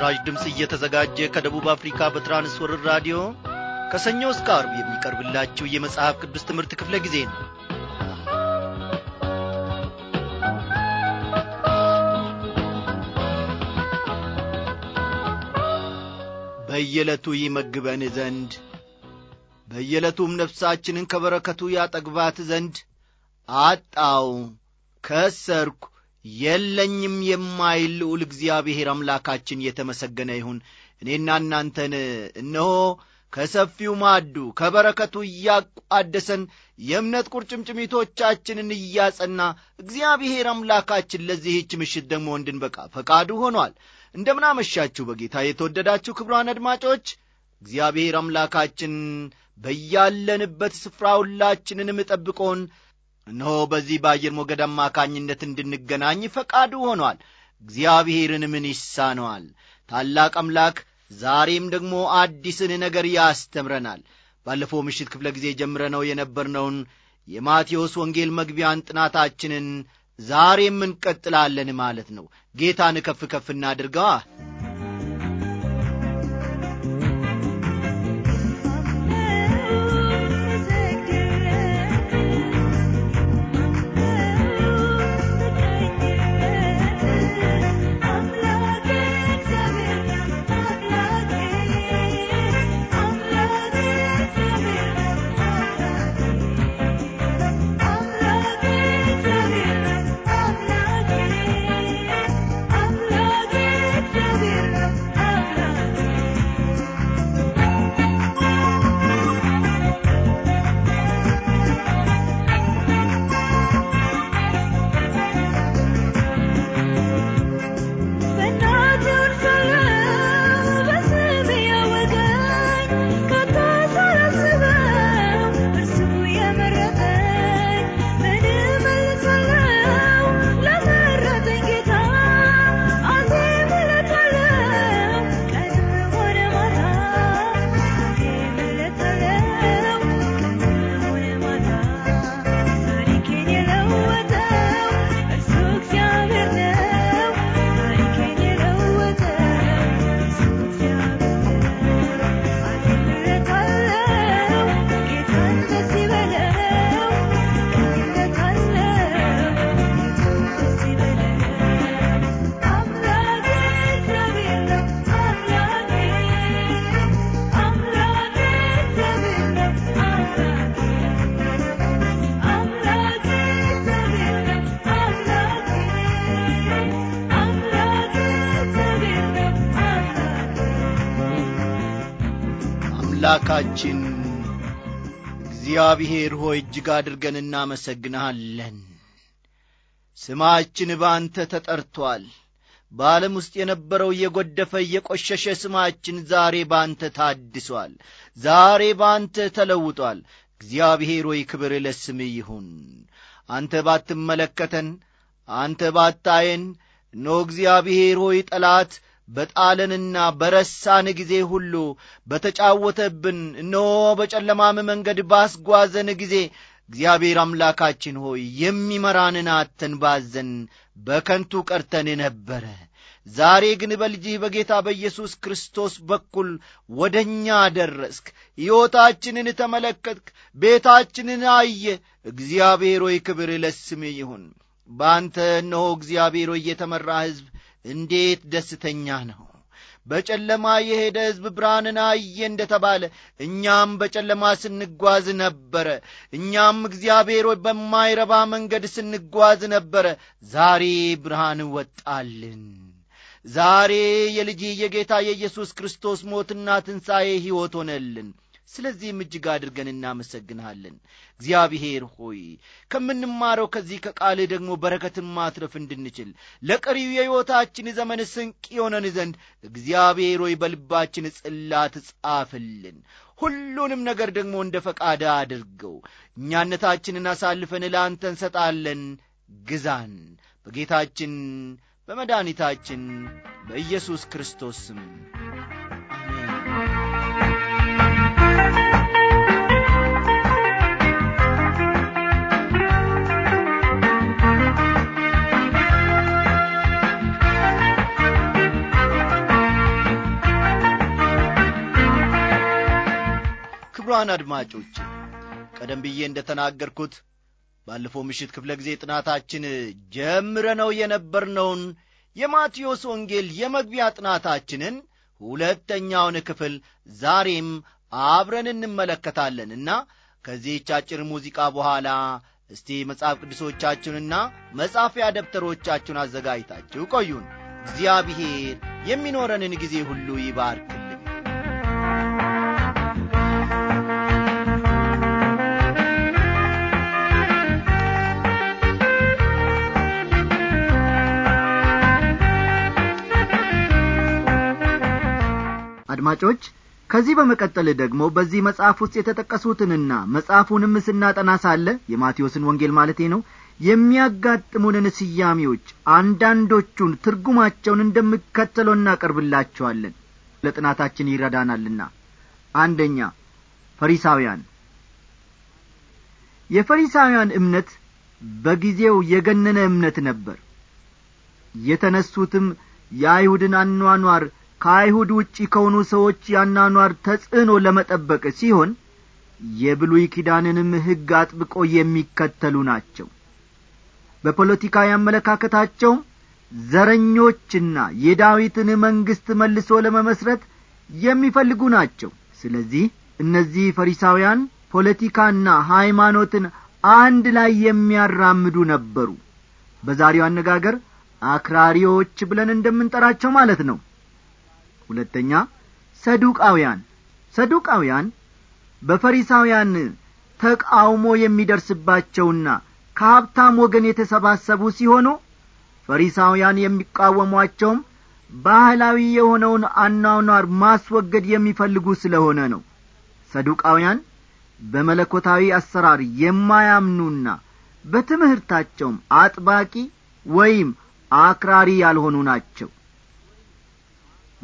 ለምስራች ድምፅ እየተዘጋጀ ከደቡብ አፍሪካ በትራንስወርር ራዲዮ ከሰኞ እስከ አርብ የሚቀርብላችሁ የመጽሐፍ ቅዱስ ትምህርት ክፍለ ጊዜ ነው በየለቱ ይመግበን ዘንድ በየለቱም ነፍሳችንን ከበረከቱ ያጠግባት ዘንድ አጣው ከሰርኩ የለኝም የማይል ልዑል እግዚአብሔር አምላካችን የተመሰገነ ይሁን። እኔና እናንተን እነሆ ከሰፊው ማዱ ከበረከቱ እያቋደሰን የእምነት ቁርጭምጭሚቶቻችንን እያጸና እግዚአብሔር አምላካችን ለዚህች ምሽት ደግሞ እንድንበቃ ፈቃዱ ሆኗል። እንደምናመሻችሁ በጌታ የተወደዳችሁ ክብሯን አድማጮች እግዚአብሔር አምላካችን በያለንበት ስፍራ ሁላችንንም ጠብቆን እነሆ በዚህ በአየር ሞገድ አማካኝነት እንድንገናኝ ፈቃዱ ሆኗል። እግዚአብሔርን ምን ይሳነዋል? ታላቅ አምላክ ዛሬም ደግሞ አዲስን ነገር ያስተምረናል። ባለፈው ምሽት ክፍለ ጊዜ ጀምረነው የነበርነውን የማቴዎስ ወንጌል መግቢያን ጥናታችንን ዛሬም እንቀጥላለን ማለት ነው። ጌታን ከፍ ከፍ እናድርገዋ። እግዚአብሔር ሆይ እጅግ አድርገን እናመሰግንሃለን። ስማችን በአንተ ተጠርቶአል። በዓለም ውስጥ የነበረው እየጐደፈ እየቈሸሸ ስማችን ዛሬ በአንተ ታድሷል። ዛሬ በአንተ ተለውጧል። እግዚአብሔር ሆይ ክብር ለስምህ ይሁን። አንተ ባትመለከተን፣ አንተ ባታየን፣ እነሆ እግዚአብሔር ሆይ ጠላት በጣለንና በረሳን ጊዜ ሁሉ በተጫወተብን፣ እነሆ በጨለማም መንገድ ባስጓዘን ጊዜ እግዚአብሔር አምላካችን ሆይ የሚመራንን አተን ባዘን በከንቱ ቀርተን ነበረ። ዛሬ ግን በልጅህ በጌታ በኢየሱስ ክርስቶስ በኩል ወደ እኛ ደረስክ። ሕይወታችንን ተመለከትክ፣ ቤታችንን አየ። እግዚአብሔር ሆይ ክብር ለስምህ ይሁን። በአንተ እነሆ እግዚአብሔር ሆይ የተመራ ሕዝብ እንዴት ደስተኛ ነው! በጨለማ የሄደ ሕዝብ ብርሃንን አየ እንደ ተባለ እኛም በጨለማ ስንጓዝ ነበረ። እኛም እግዚአብሔር በማይረባ መንገድ ስንጓዝ ነበረ። ዛሬ ብርሃን ወጣልን። ዛሬ የልጅ የጌታ የኢየሱስ ክርስቶስ ሞትና ትንሣኤ ሕይወት ሆነልን። ስለዚህም እጅግ አድርገን እናመሰግንሃለን። እግዚአብሔር ሆይ ከምንማረው ከዚህ ከቃልህ ደግሞ በረከትን ማትረፍ እንድንችል ለቀሪው የሕይወታችን ዘመን ስንቅ የሆነን ዘንድ እግዚአብሔር ሆይ በልባችን ጽላት ጻፍልን። ሁሉንም ነገር ደግሞ እንደ ፈቃድ አድርገው። እኛነታችንን አሳልፈን ለአንተ እንሰጣለን። ግዛን። በጌታችን በመድኒታችን በኢየሱስ ክርስቶስም ክቡራን አድማጮች ቀደም ብዬ እንደ ተናገርኩት ባለፈው ምሽት ክፍለ ጊዜ ጥናታችን ጀምረነው የነበርነውን የማቴዎስ ወንጌል የመግቢያ ጥናታችንን ሁለተኛውን ክፍል ዛሬም አብረን እንመለከታለንና ከዚህች አጭር ሙዚቃ በኋላ እስቲ መጽሐፍ ቅዱሶቻችሁንና መጻፊያ ደብተሮቻችሁን አዘጋጅታችሁ ቆዩን። እግዚአብሔር የሚኖረንን ጊዜ ሁሉ ይባርክ። አድማጮች ከዚህ በመቀጠል ደግሞ በዚህ መጽሐፍ ውስጥ የተጠቀሱትንና መጽሐፉንም ስናጠና ሳለ የማቴዎስን ወንጌል ማለቴ ነው የሚያጋጥሙንን ስያሜዎች አንዳንዶቹን ትርጉማቸውን እንደምከተለው እናቀርብላቸዋለን ለጥናታችን ይረዳናልና አንደኛ ፈሪሳውያን የፈሪሳውያን እምነት በጊዜው የገነነ እምነት ነበር የተነሱትም የአይሁድን አኗኗር ከአይሁድ ውጪ ከሆኑ ሰዎች ያናኗር ተጽዕኖ ለመጠበቅ ሲሆን የብሉይ ኪዳንንም ሕግ አጥብቆ የሚከተሉ ናቸው በፖለቲካ ያመለካከታቸው ዘረኞችና የዳዊትን መንግሥት መልሶ ለመመስረት የሚፈልጉ ናቸው ስለዚህ እነዚህ ፈሪሳውያን ፖለቲካና ሃይማኖትን አንድ ላይ የሚያራምዱ ነበሩ በዛሬው አነጋገር አክራሪዎች ብለን እንደምንጠራቸው ማለት ነው ሁለተኛ ሰዱቃውያን ሰዱቃውያን በፈሪሳውያን ተቃውሞ የሚደርስባቸውና ከሀብታም ወገን የተሰባሰቡ ሲሆኑ ፈሪሳውያን የሚቃወሟቸውም ባህላዊ የሆነውን አኗኗር ማስወገድ የሚፈልጉ ስለሆነ ነው ሰዱቃውያን በመለኮታዊ አሰራር የማያምኑና በትምህርታቸውም አጥባቂ ወይም አክራሪ ያልሆኑ ናቸው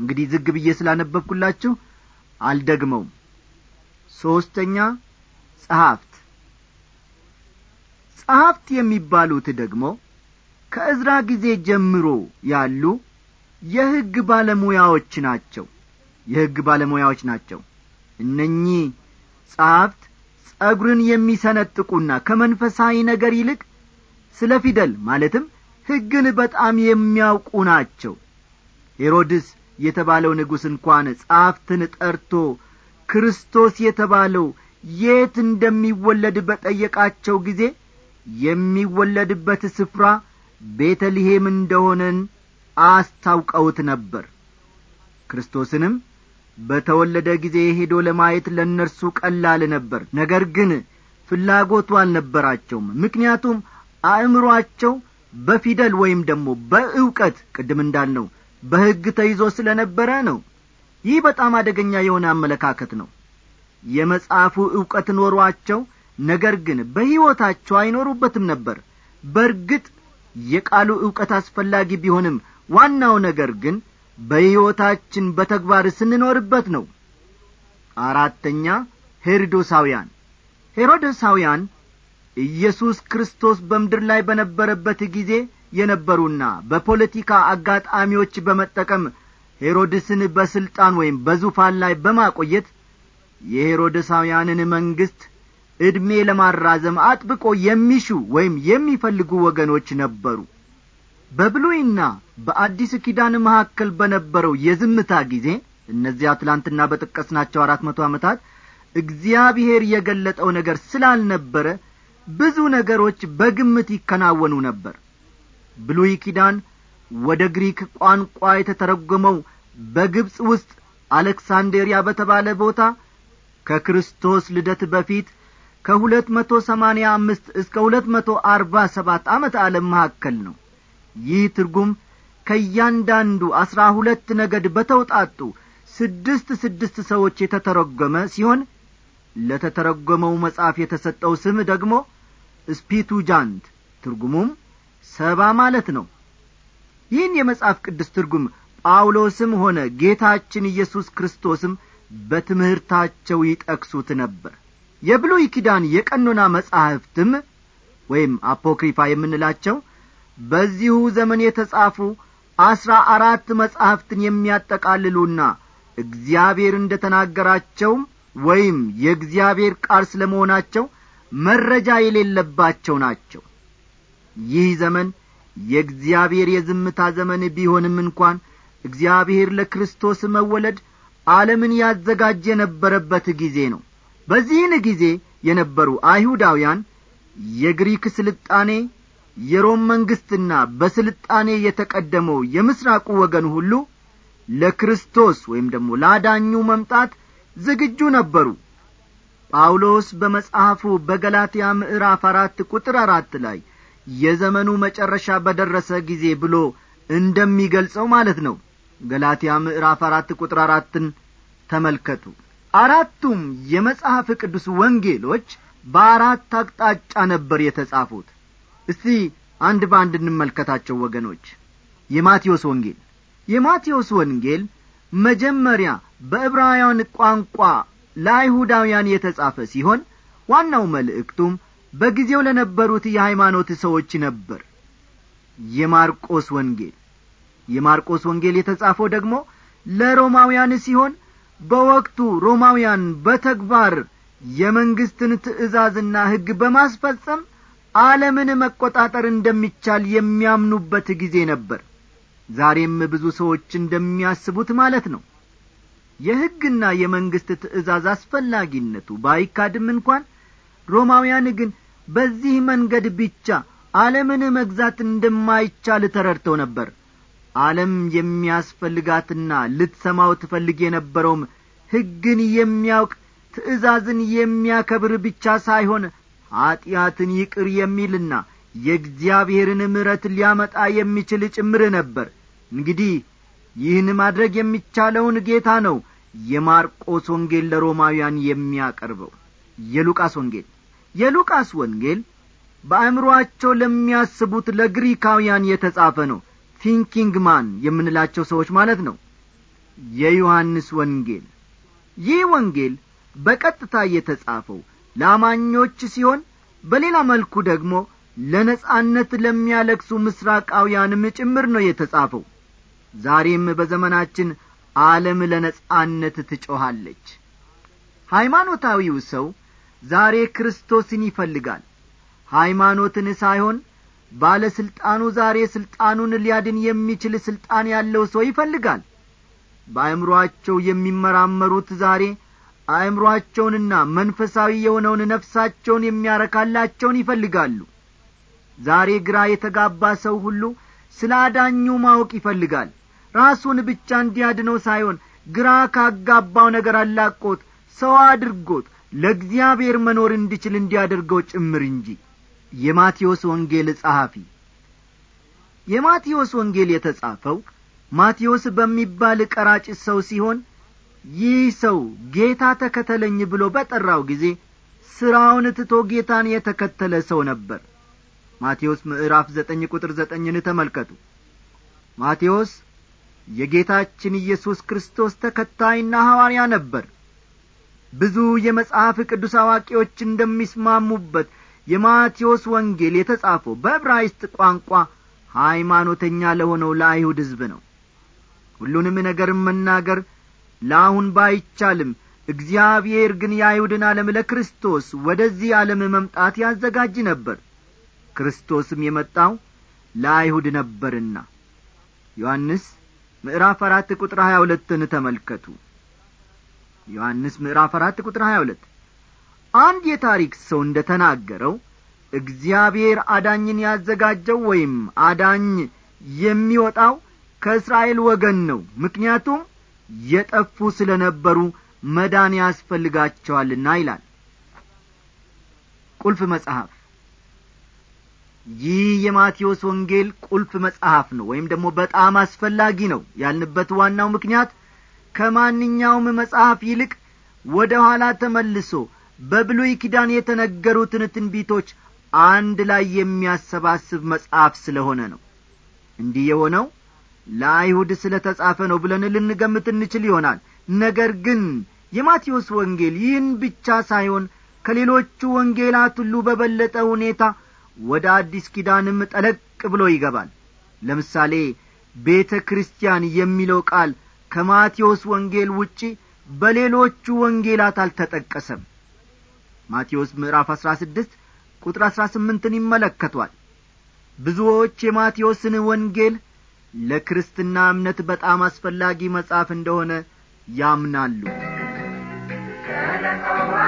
እንግዲህ ዝግ ብዬ ስላነበብኩላችሁ አልደግመውም ሦስተኛ ጸሐፍት ጸሐፍት የሚባሉት ደግሞ ከእዝራ ጊዜ ጀምሮ ያሉ የሕግ ባለሙያዎች ናቸው የሕግ ባለሙያዎች ናቸው እነኚህ ጸሐፍት ጸጒርን የሚሰነጥቁና ከመንፈሳዊ ነገር ይልቅ ስለ ፊደል ማለትም ሕግን በጣም የሚያውቁ ናቸው ሄሮድስ የተባለው ንጉሥ እንኳን ጻፍትን ጠርቶ ክርስቶስ የተባለው የት እንደሚወለድ በጠየቃቸው ጊዜ የሚወለድበት ስፍራ ቤተልሔም እንደሆነን አስታውቀውት ነበር ክርስቶስንም በተወለደ ጊዜ ሄዶ ለማየት ለእነርሱ ቀላል ነበር ነገር ግን ፍላጎቱ አልነበራቸውም ምክንያቱም አእምሮአቸው በፊደል ወይም ደግሞ በእውቀት ቅድም እንዳልነው በሕግ ተይዞ ስለ ነበረ ነው ይህ በጣም አደገኛ የሆነ አመለካከት ነው የመጽሐፉ ዕውቀት ኖሯቸው ነገር ግን በሕይወታቸው አይኖሩበትም ነበር በርግጥ የቃሉ ዕውቀት አስፈላጊ ቢሆንም ዋናው ነገር ግን በሕይወታችን በተግባር ስንኖርበት ነው አራተኛ ሄሮዶሳውያን ሄሮዶሳውያን ኢየሱስ ክርስቶስ በምድር ላይ በነበረበት ጊዜ የነበሩና በፖለቲካ አጋጣሚዎች በመጠቀም ሄሮድስን በሥልጣን ወይም በዙፋን ላይ በማቆየት የሄሮድሳውያንን መንግሥት ዕድሜ ለማራዘም አጥብቆ የሚሹ ወይም የሚፈልጉ ወገኖች ነበሩ በብሉይና በአዲስ ኪዳን መካከል በነበረው የዝምታ ጊዜ እነዚያ ትላንትና በጠቀስናቸው አራት መቶ ዓመታት እግዚአብሔር የገለጠው ነገር ስላልነበረ ብዙ ነገሮች በግምት ይከናወኑ ነበር ብሉይ ኪዳን ወደ ግሪክ ቋንቋ የተተረጎመው በግብፅ ውስጥ አሌክሳንዴሪያ በተባለ ቦታ ከክርስቶስ ልደት በፊት ከሁለት መቶ ሰማኒያ አምስት እስከ ሁለት መቶ አርባ ሰባት ዓመት ዓለም መካከል ነው ይህ ትርጉም ከእያንዳንዱ አሥራ ሁለት ነገድ በተውጣጡ ስድስት ስድስት ሰዎች የተተረጎመ ሲሆን ለተተረጎመው መጽሐፍ የተሰጠው ስም ደግሞ ስፒቱጃንት ትርጉሙም ሰባ ማለት ነው ይህን የመጽሐፍ ቅዱስ ትርጉም ጳውሎስም ሆነ ጌታችን ኢየሱስ ክርስቶስም በትምህርታቸው ይጠቅሱት ነበር የብሉይ ኪዳን የቀኖና መጻሕፍትም ወይም አፖክሪፋ የምንላቸው በዚሁ ዘመን የተጻፉ አሥራ አራት መጻሕፍትን የሚያጠቃልሉና እግዚአብሔር እንደ ተናገራቸውም ወይም የእግዚአብሔር ቃል ስለ መሆናቸው መረጃ የሌለባቸው ናቸው ይህ ዘመን የእግዚአብሔር የዝምታ ዘመን ቢሆንም እንኳን እግዚአብሔር ለክርስቶስ መወለድ ዓለምን ያዘጋጀ የነበረበት ጊዜ ነው በዚህን ጊዜ የነበሩ አይሁዳውያን የግሪክ ስልጣኔ የሮም መንግሥትና በስልጣኔ የተቀደመው የምስራቁ ወገን ሁሉ ለክርስቶስ ወይም ደግሞ ላዳኙ መምጣት ዝግጁ ነበሩ ጳውሎስ በመጽሐፉ በገላትያ ምዕራፍ አራት ቁጥር አራት ላይ የዘመኑ መጨረሻ በደረሰ ጊዜ ብሎ እንደሚገልጸው ማለት ነው ገላትያ ምዕራፍ አራት ቁጥር አራትን ተመልከቱ አራቱም የመጽሐፍ ቅዱስ ወንጌሎች በአራት አቅጣጫ ነበር የተጻፉት እስቲ አንድ በአንድ እንመልከታቸው ወገኖች የማቴዎስ ወንጌል የማቴዎስ ወንጌል መጀመሪያ በዕብራውያን ቋንቋ ለአይሁዳውያን የተጻፈ ሲሆን ዋናው መልእክቱም በጊዜው ለነበሩት የሃይማኖት ሰዎች ነበር የማርቆስ ወንጌል የማርቆስ ወንጌል የተጻፈው ደግሞ ለሮማውያን ሲሆን በወቅቱ ሮማውያን በተግባር የመንግሥትን ትእዛዝና ሕግ በማስፈጸም ዓለምን መቈጣጠር እንደሚቻል የሚያምኑበት ጊዜ ነበር ዛሬም ብዙ ሰዎች እንደሚያስቡት ማለት ነው የሕግና የመንግሥት ትእዛዝ አስፈላጊነቱ ባይካድም እንኳን ሮማውያን ግን በዚህ መንገድ ብቻ ዓለምን መግዛት እንደማይቻል ተረድተው ነበር ዓለም የሚያስፈልጋትና ልትሰማው ትፈልግ የነበረውም ሕግን የሚያውቅ ትእዛዝን የሚያከብር ብቻ ሳይሆን ኀጢአትን ይቅር የሚልና የእግዚአብሔርን ምረት ሊያመጣ የሚችል ጭምር ነበር እንግዲህ ይህን ማድረግ የሚቻለውን ጌታ ነው የማርቆስ ወንጌል ለሮማውያን የሚያቀርበው የሉቃስ ወንጌል የሉቃስ ወንጌል በአእምሮአቸው ለሚያስቡት ለግሪካውያን የተጻፈ ነው ቲንኪንግ ማን የምንላቸው ሰዎች ማለት ነው የዮሐንስ ወንጌል ይህ ወንጌል በቀጥታ የተጻፈው ለአማኞች ሲሆን በሌላ መልኩ ደግሞ ለነጻነት ለሚያለክሱ ምስራቃውያንም ጭምር ነው የተጻፈው ዛሬም በዘመናችን ዓለም ለነጻነት ትጮኻለች ሃይማኖታዊው ሰው ዛሬ ክርስቶስን ይፈልጋል ሃይማኖትን ሳይሆን ሥልጣኑ ዛሬ ሥልጣኑን ሊያድን የሚችል ሥልጣን ያለው ሰው ይፈልጋል በአእምሮአቸው የሚመራመሩት ዛሬ አእምሮአቸውንና መንፈሳዊ የሆነውን ነፍሳቸውን የሚያረካላቸውን ይፈልጋሉ ዛሬ ግራ የተጋባ ሰው ሁሉ ስለ አዳኙ ማወቅ ይፈልጋል ራሱን ብቻ እንዲያድነው ሳይሆን ግራ ካጋባው ነገር አላቆት ሰው አድርጎት ለእግዚአብሔር መኖር እንድችል እንዲያደርገው ጭምር እንጂ የማቴዎስ ወንጌል ጸሐፊ የማቴዎስ ወንጌል የተጻፈው ማቴዎስ በሚባል ቀራጭ ሰው ሲሆን ይህ ሰው ጌታ ተከተለኝ ብሎ በጠራው ጊዜ ሥራውን ትቶ ጌታን የተከተለ ሰው ነበር ማቴዎስ ምዕራፍ ዘጠኝ ቁጥር ዘጠኝን ተመልከቱ ማቴዎስ የጌታችን ኢየሱስ ክርስቶስ ተከታይና ሐዋርያ ነበር ብዙ የመጽሐፍ ቅዱስ አዋቂዎች እንደሚስማሙበት የማቴዎስ ወንጌል የተጻፈው በዕብራይስጥ ቋንቋ ሃይማኖተኛ ለሆነው ለአይሁድ ሕዝብ ነው ሁሉንም ነገር መናገር ለአሁን ባይቻልም እግዚአብሔር ግን የአይሁድን ዓለም ለክርስቶስ ወደዚህ ዓለም መምጣት ያዘጋጅ ነበር ክርስቶስም የመጣው ለአይሁድ ነበርና ዮሐንስ ምዕራፍ አራት ቁጥር ሀያ ሁለትን ተመልከቱ ዮሐንስ ምዕራፍ አራት ቁጥር ሀያ ሁለት አንድ የታሪክ ሰው እንደ ተናገረው እግዚአብሔር አዳኝን ያዘጋጀው ወይም አዳኝ የሚወጣው ከእስራኤል ወገን ነው ምክንያቱም የጠፉ ስለ ነበሩ መዳን ያስፈልጋቸዋልና ይላል ቁልፍ መጽሐፍ ይህ የማቴዎስ ወንጌል ቁልፍ መጽሐፍ ነው ወይም ደግሞ በጣም አስፈላጊ ነው ያልንበት ዋናው ምክንያት ከማንኛውም መጽሐፍ ይልቅ ወደ ኋላ ተመልሶ በብሉይ ኪዳን የተነገሩትን ትንቢቶች አንድ ላይ የሚያሰባስብ መጽሐፍ ስለሆነ ነው እንዲህ የሆነው ለአይሁድ ስለ ተጻፈ ነው ብለን ልንገምት እንችል ይሆናል ነገር ግን የማቴዎስ ወንጌል ይህን ብቻ ሳይሆን ከሌሎቹ ወንጌላት ሁሉ በበለጠ ሁኔታ ወደ አዲስ ኪዳንም ጠለቅ ብሎ ይገባል ለምሳሌ ቤተ ክርስቲያን የሚለው ቃል ከማቴዎስ ወንጌል ውጪ በሌሎቹ ወንጌላት አልተጠቀሰም ማቴዎስ ምዕራፍ አሥራ ስድስት ቁጥር አሥራ ስምንትን ይመለከቷል ብዙዎች የማቴዎስን ወንጌል ለክርስትና እምነት በጣም አስፈላጊ መጽሐፍ እንደሆነ ያምናሉ ከረታ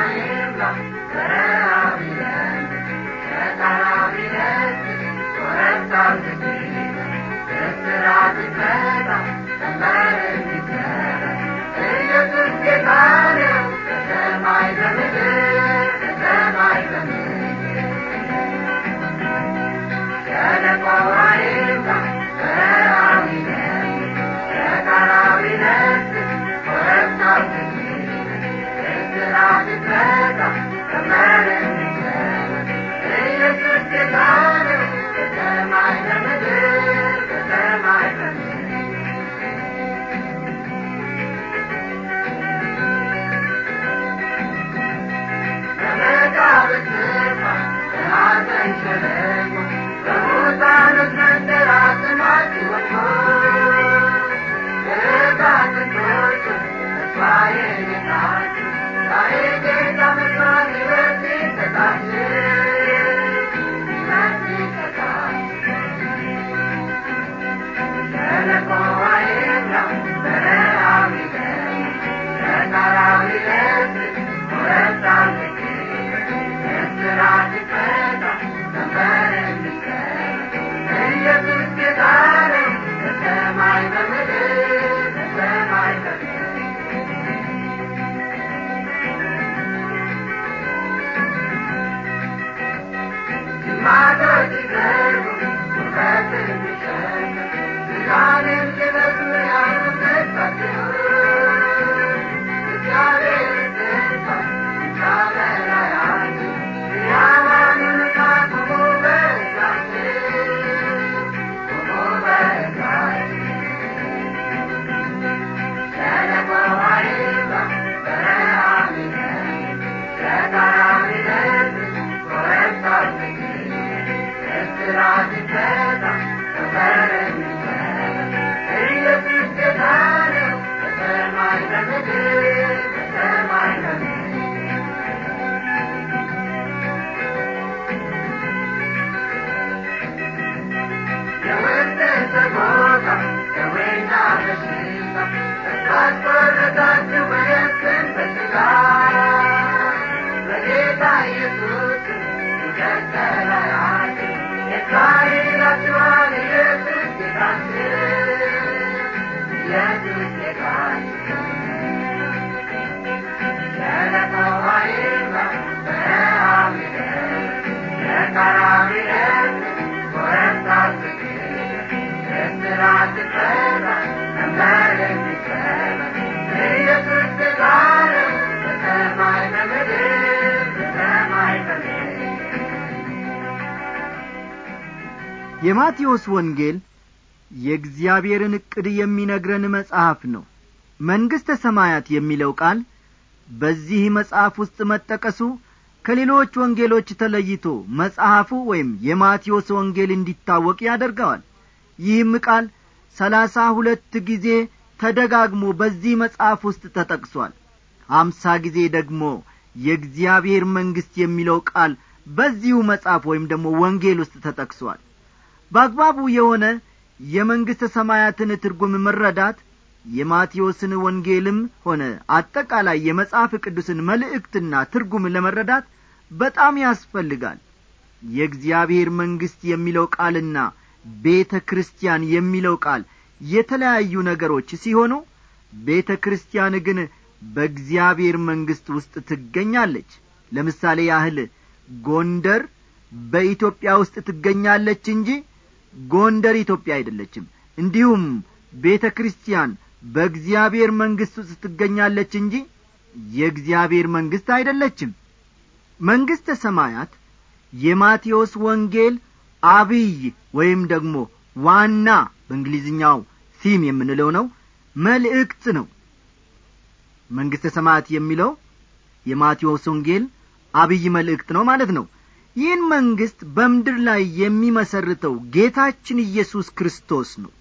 የማቴዎስ ወንጌል የእግዚአብሔርን ዕቅድ የሚነግረን መጽሐፍ ነው መንግሥተ ሰማያት የሚለው ቃል በዚህ መጽሐፍ ውስጥ መጠቀሱ ከሌሎች ወንጌሎች ተለይቶ መጽሐፉ ወይም የማቴዎስ ወንጌል እንዲታወቅ ያደርገዋል ይህም ቃል ሰላሳ ሁለት ጊዜ ተደጋግሞ በዚህ መጽሐፍ ውስጥ ተጠቅሷል አምሳ ጊዜ ደግሞ የእግዚአብሔር መንግሥት የሚለው ቃል በዚሁ መጽሐፍ ወይም ደግሞ ወንጌል ውስጥ ተጠቅሷል በአግባቡ የሆነ የመንግሥተ ሰማያትን ትርጉም መረዳት የማቴዎስን ወንጌልም ሆነ አጠቃላይ የመጽሐፍ ቅዱስን መልእክትና ትርጉም ለመረዳት በጣም ያስፈልጋል የእግዚአብሔር መንግሥት የሚለው ቃልና ቤተ ክርስቲያን የሚለው ቃል የተለያዩ ነገሮች ሲሆኑ ቤተ ክርስቲያን ግን በእግዚአብሔር መንግሥት ውስጥ ትገኛለች ለምሳሌ ያህል ጎንደር በኢትዮጵያ ውስጥ ትገኛለች እንጂ ጎንደር ኢትዮጵያ አይደለችም እንዲሁም ቤተ ክርስቲያን በእግዚአብሔር መንግሥት ውስጥ ትገኛለች እንጂ የእግዚአብሔር መንግሥት አይደለችም መንግሥተ ሰማያት የማቴዎስ ወንጌል አብይ ወይም ደግሞ ዋና በእንግሊዝኛው ሲም የምንለው ነው መልእክት ነው መንግሥተ ሰማያት የሚለው የማቴዎስ ወንጌል አብይ መልእክት ነው ማለት ነው ይህን መንግሥት በምድር ላይ የሚመሰርተው ጌታችን ኢየሱስ ክርስቶስ ነው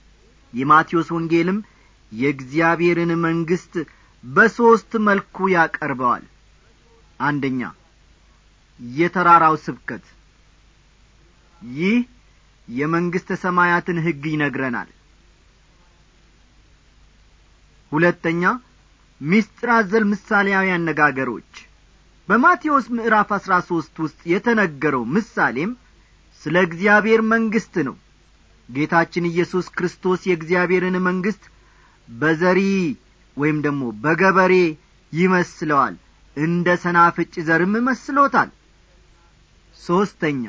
የማቴዎስ ወንጌልም የእግዚአብሔርን መንግሥት በሦስት መልኩ ያቀርበዋል አንደኛ የተራራው ስብከት ይህ የመንግሥተ ሰማያትን ሕግ ይነግረናል ሁለተኛ ሚስጥር አዘል ምሳሌያዊ አነጋገሮች በማቴዎስ ምዕራፍ አሥራ ሦስት ውስጥ የተነገረው ምሳሌም ስለ እግዚአብሔር መንግሥት ነው ጌታችን ኢየሱስ ክርስቶስ የእግዚአብሔርን መንግሥት በዘሪ ወይም ደግሞ በገበሬ ይመስለዋል እንደ ሰናፍጭ ዘርም መስሎታል ሦስተኛ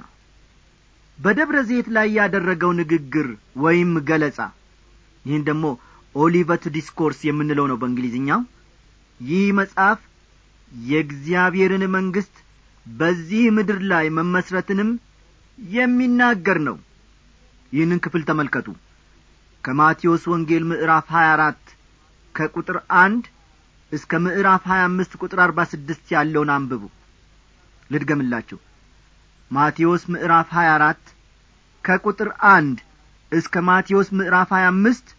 በደብረ ዘይት ላይ ያደረገው ንግግር ወይም ገለጻ ይህን ደግሞ ኦሊቨት ዲስኮርስ የምንለው ነው በእንግሊዝኛው ይህ መጽሐፍ የእግዚአብሔርን መንግሥት በዚህ ምድር ላይ መመስረትንም የሚናገር ነው ይህንን ክፍል ተመልከቱ ከማቴዎስ ወንጌል ምዕራፍ 24 ከቁጥር አንድ እስከ ምዕራፍ 25 ቁጥር 46 ያለውን አንብቡ ልድገምላችሁ ማቴዎስ ምዕራፍ 24 ከቁጥር 1 እስከ ማቴዎስ ምዕራፍ 25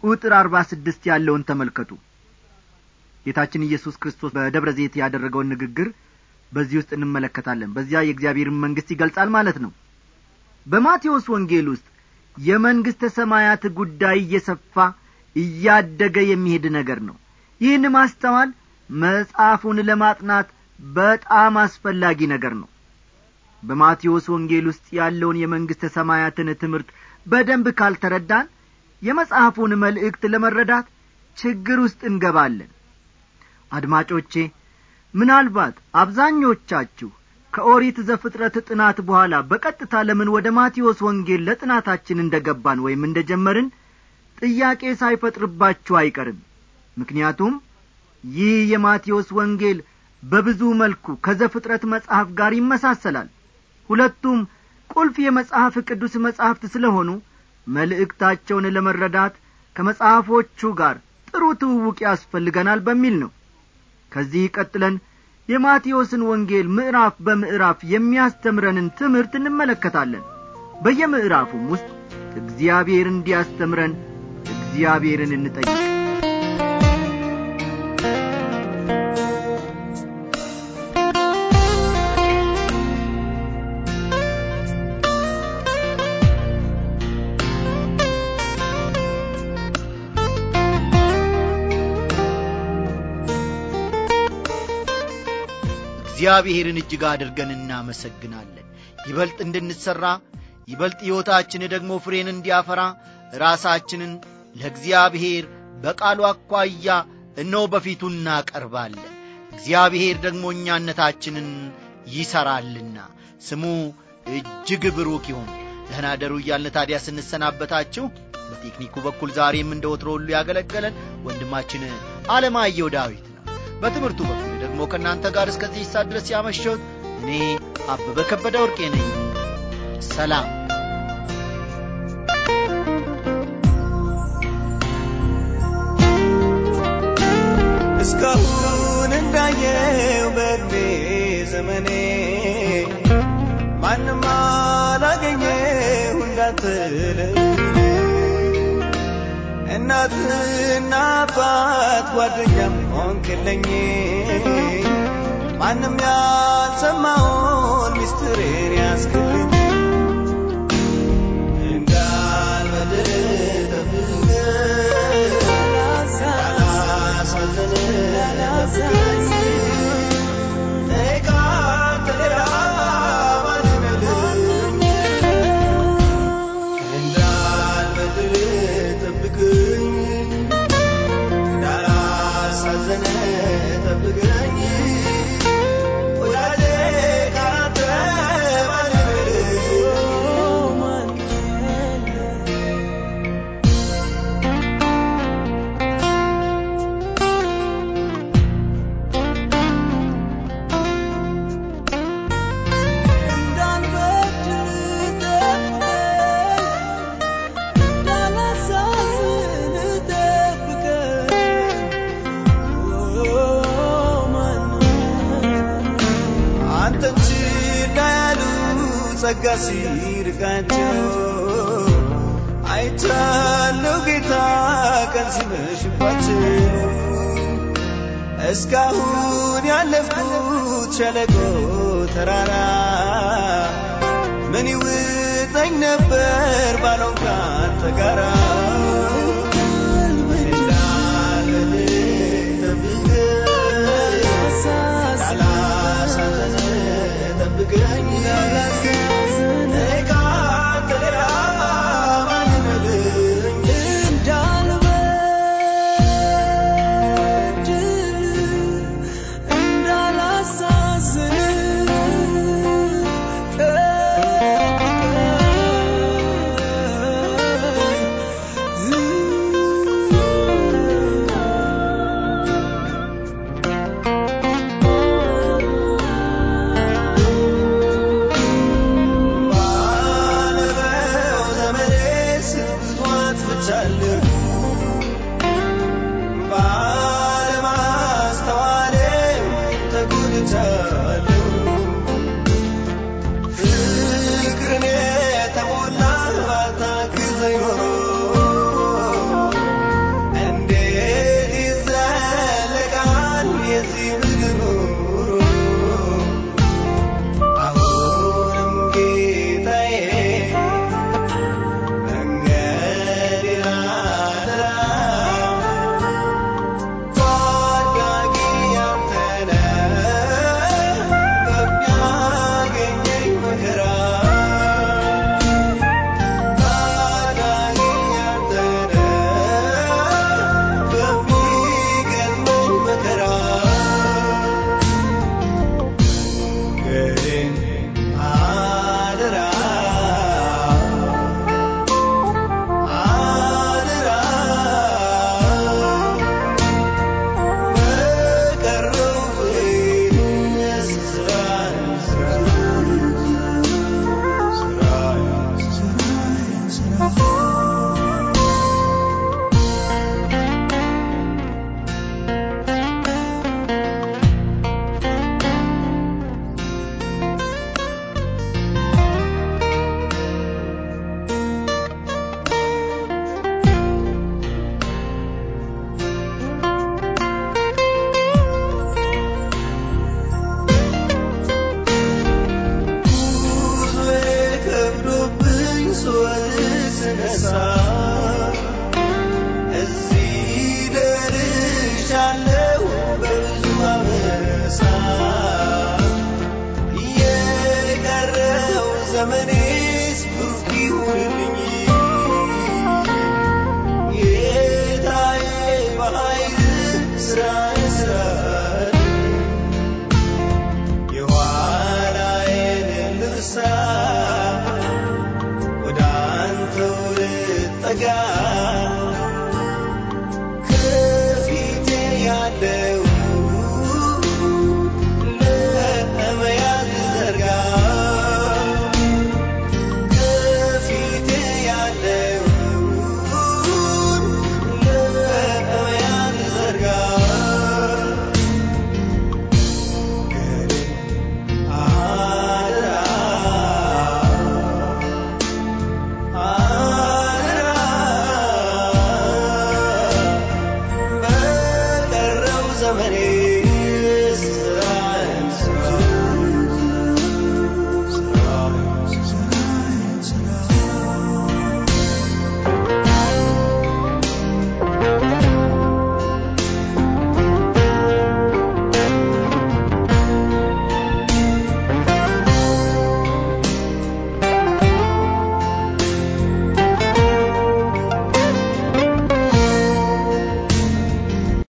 ቁጥር 46 ያለውን ተመልከቱ። ጌታችን ኢየሱስ ክርስቶስ በደብረ ዘይት ያደረገውን ንግግር በዚህ ውስጥ እንመለከታለን። በዚያ የእግዚአብሔርን መንግሥት ይገልጻል ማለት ነው። በማቴዎስ ወንጌል ውስጥ የመንግሥተ ሰማያት ጉዳይ እየሰፋ እያደገ የሚሄድ ነገር ነው። ይህን ማስተዋል መጽሐፉን ለማጥናት በጣም አስፈላጊ ነገር ነው። በማቴዎስ ወንጌል ውስጥ ያለውን የመንግሥተ ሰማያትን ትምህርት በደንብ ካልተረዳን የመጽሐፉን መልእክት ለመረዳት ችግር ውስጥ እንገባለን አድማጮቼ ምናልባት አብዛኞቻችሁ ከኦሪት ዘፍጥረት ጥናት በኋላ በቀጥታ ለምን ወደ ማቴዎስ ወንጌል ለጥናታችን እንደ ገባን ወይም እንደ ጀመርን ጥያቄ ሳይፈጥርባችሁ አይቀርም ምክንያቱም ይህ የማቴዎስ ወንጌል በብዙ መልኩ ከዘፍጥረት መጽሐፍ ጋር ይመሳሰላል ሁለቱም ቁልፍ የመጽሐፍ ቅዱስ መጻሕፍት ስለሆኑ መልእክታቸውን ለመረዳት ከመጽሐፎቹ ጋር ጥሩ ትውውቅ ያስፈልገናል በሚል ነው ከዚህ ቀጥለን የማቴዎስን ወንጌል ምዕራፍ በምዕራፍ የሚያስተምረንን ትምህርት እንመለከታለን በየምዕራፉም ውስጥ እግዚአብሔር እንዲያስተምረን እግዚአብሔርን እንጠይቅ እግዚአብሔርን እጅግ አድርገን እናመሰግናለን። ይበልጥ እንድንሠራ ይበልጥ ሕይወታችን ደግሞ ፍሬን እንዲያፈራ ራሳችንን ለእግዚአብሔር በቃሉ አኳያ እነሆ በፊቱ እናቀርባለን። እግዚአብሔር ደግሞ እኛነታችንን ይሠራልና ስሙ እጅግ ብሩክ ይሁን። ደህና ደሩ እያልን ታዲያ ስንሰናበታችሁ በቴክኒኩ በኩል ዛሬም እንደ ወትሮ ሁሉ ያገለገለን ወንድማችን አለማየሁ ዳዊት ነው። በትምህርቱ በኩል ደግሞ ከእናንተ ጋር እስከዚህ ሳት ድረስ ያመሸሁት እኔ አበበ ከበደ ወርቄ ነኝ። ሰላም። እስካሁን እንዳየው በእድሜ ዘመኔ ማንም አላገኘው እንዳትልም እናትና አባት ጓደኛም ሆንክልኝ ማንም ያልሰማውን ሚስጥሬን ያስክል ጸጋ ሲርቃቸው አይቻለው ጌታ ቀን ሲመሽባቸው እስካሁን ያለፍኩት ሸለቆ ተራራ ምን ይውጠኝ ነበር ባለው ካንተ ጋራ que no la